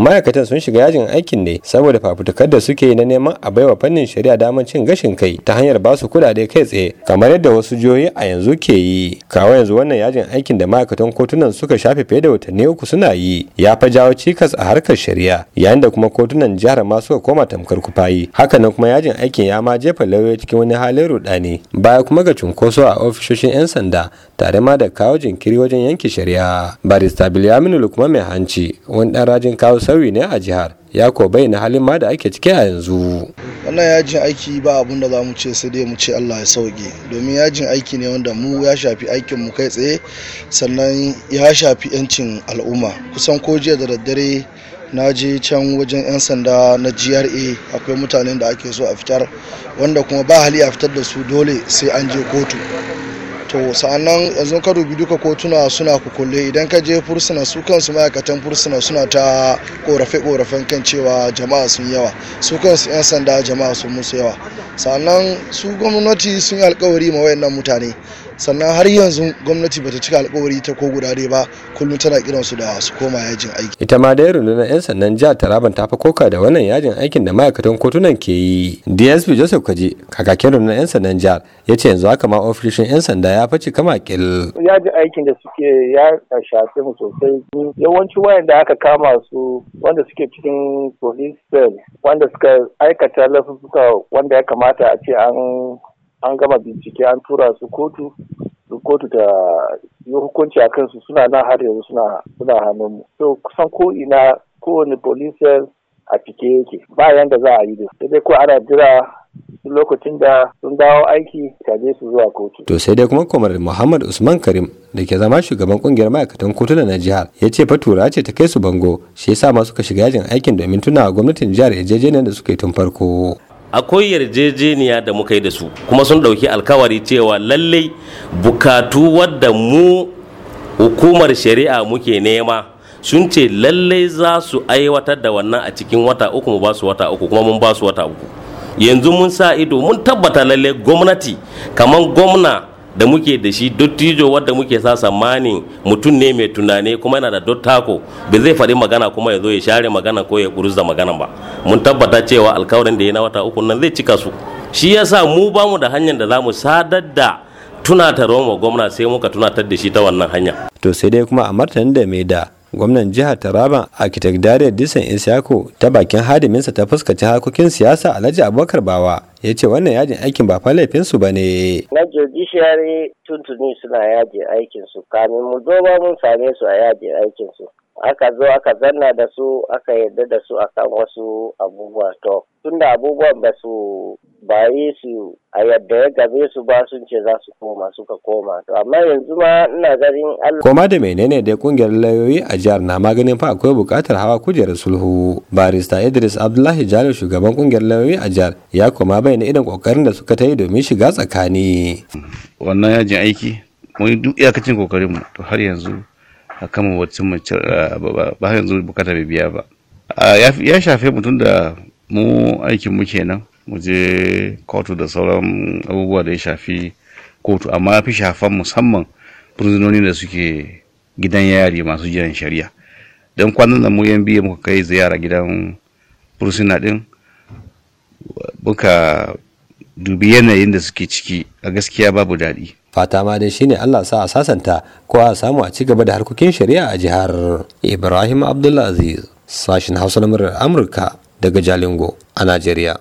ma'aikatan sun shiga yajin aikin ne saboda fafutukar da suke na neman a baiwa fannin shari'a damar cin gashin kai ta hanyar ba su kudade kai tsaye kamar yadda wasu jihohi a yanzu ke yi kawo yanzu wannan yajin aikin da ma'aikatan kotunan suka shafe fiye da watanni uku suna yi ya fa jawo cikas a harkar shari'a yayin da kuma kotunan jihar ma suka koma tamkar kufayi hakanan kuma yajin aikin ya ma jefa lauyoyi cikin wani halin rudani baya kuma ga cunkoso a ofishoshin 'yan sanda tare ma da kawo jinkiri wajen yanke shari'a barista bilyaminu lukman mai hanci wani dan rajin kawo sauyi ne a jihar ya ko bai na halin ma da ake ciki a yanzu wannan yajin aiki ba abun da za mu ce sai dai mu ce Allah ya sauke domin yajin aiki ne wanda mu ya shafi aikin mu kai tsaye sannan ya shafi yancin al'umma kusan ko jiya da daddare na je can wajen 'yan sanda na gra akwai mutanen da ake so a fitar wanda kuma ba hali a fitar da su dole sai an je kotu to sa'annan yanzu ka dubi duka kotuna suna kukulle idan ka je fursuna su kansu ma'aikatan fursuna suna ta korafe korafen kan cewa jama'a sun yawa su kansu 'yan sanda jama'a sun musu yawa sa'annan su gwamnati sun yi alkawari ma wayannan mutane sannan har yanzu gwamnati bata cika alkawari ta ko guda dai ba kullum tana kiran su da su koma yajin aiki ita ma dai rundunar yan sandan jihar taraban ta fa koka da wannan yajin aikin da ma'aikatan kotunan ke yi dsp joseph kaji kakakin rundunar yan sandan jihar ya ce yanzu haka ma ofishin yan sanda ya faci kama kil yajin aikin da suke ya shafe mu sosai yawanci wayanda aka kama su wanda suke cikin police cell wanda suka aikata laifuka wanda ya kamata a ce an an gama bincike an tura su kotu kotu ta yi hukunci a kansu suna nan har yanzu suna suna mu. so kusan ko ina kowane polisiyar a cike yake bayan da za a yi da sai dai ko ana jira su lokacin da sun dawo aiki je su zuwa kotu. To sai dai kuma kwamar Muhammad Usman Karim da ke zama shugaban kungiyar ma'aikatan kotuna na jihar ya ce fatura ce ta kai su bango shi yasa ma suka shiga yajin aikin domin tunawa gwamnatin jihar yajejeniyar da suka yi tun farko. akwai yarjejeniya da muka yi da su kuma sun ɗauki alkawari cewa lallai bukatu wadda mu hukumar shari'a muke nema sun ce lallai za su aiwatar da wannan a cikin wata uku mu ba su wata uku kuma mun ba su wata uku yanzu mun sa ido mun tabbata lallai gwamnati kamar gwamna da muke da shi dottijo wadda muke sa tsammanin mutum ne mai tunane kuma yana da dottako ba zai faɗi magana kuma ya zo ya share magana ko ya burza magana ba mun tabbata cewa alkawarin da ya na wata uku nan zai cika su shi ya sa mu ba mu da hanyar da za mu sadar da tunatarwa ma gwamna sai muka tunatar da shi ta wannan hanya to sai dai kuma a martanin da mai da gwamnan jihar taraba architect dariya disan isyako ta bakin hadiminsa ta fuskaci harkokin siyasa alhaji abubakar bawa ya ce wannan yajin aikin ba fa laifinsu ba ne na judiciary tuntuni suna yajin aikinsu kamin mu zo ba mun same su a yajin aikinsu aka zo aka zanna da su aka yarda da su akan wasu abubuwa to tunda abubuwan ba su ba yi su a yadda ya gabe su ba sun ce za su koma suka koma to amma yanzu ma ina ganin Allah koma da menene da kungiyar lauyoyi a jihar na maganin fa akwai bukatar hawa kujerar sulhu barista Idris Abdullahi Jalo shugaban kungiyar layoyi a jihar ya koma bayyana irin kokarin da suka ta yi domin shiga tsakani wannan yajin aiki mun duk iyakacin kokarin mu to har yanzu a kama wacce mace ba yanzu bukata bai biya ba ya shafe mutum da mu aikin mu kenan mu je kotu da sauran abubuwa da ya shafi kotu amma ya fi shafan musamman fursunoni da suke gidan yari masu jiran shari'a don kwanan nan mu yan biyu muka kai ziyara gidan fursuna din muka dubi yanayin da suke ciki a gaskiya babu daɗi fata ma dai shine Allah sa a sasanta ko a samu a ci gaba da harkokin shari'a a jihar Ibrahim Aziz sashin Hausa na Amurka daga Jalingo a Najeriya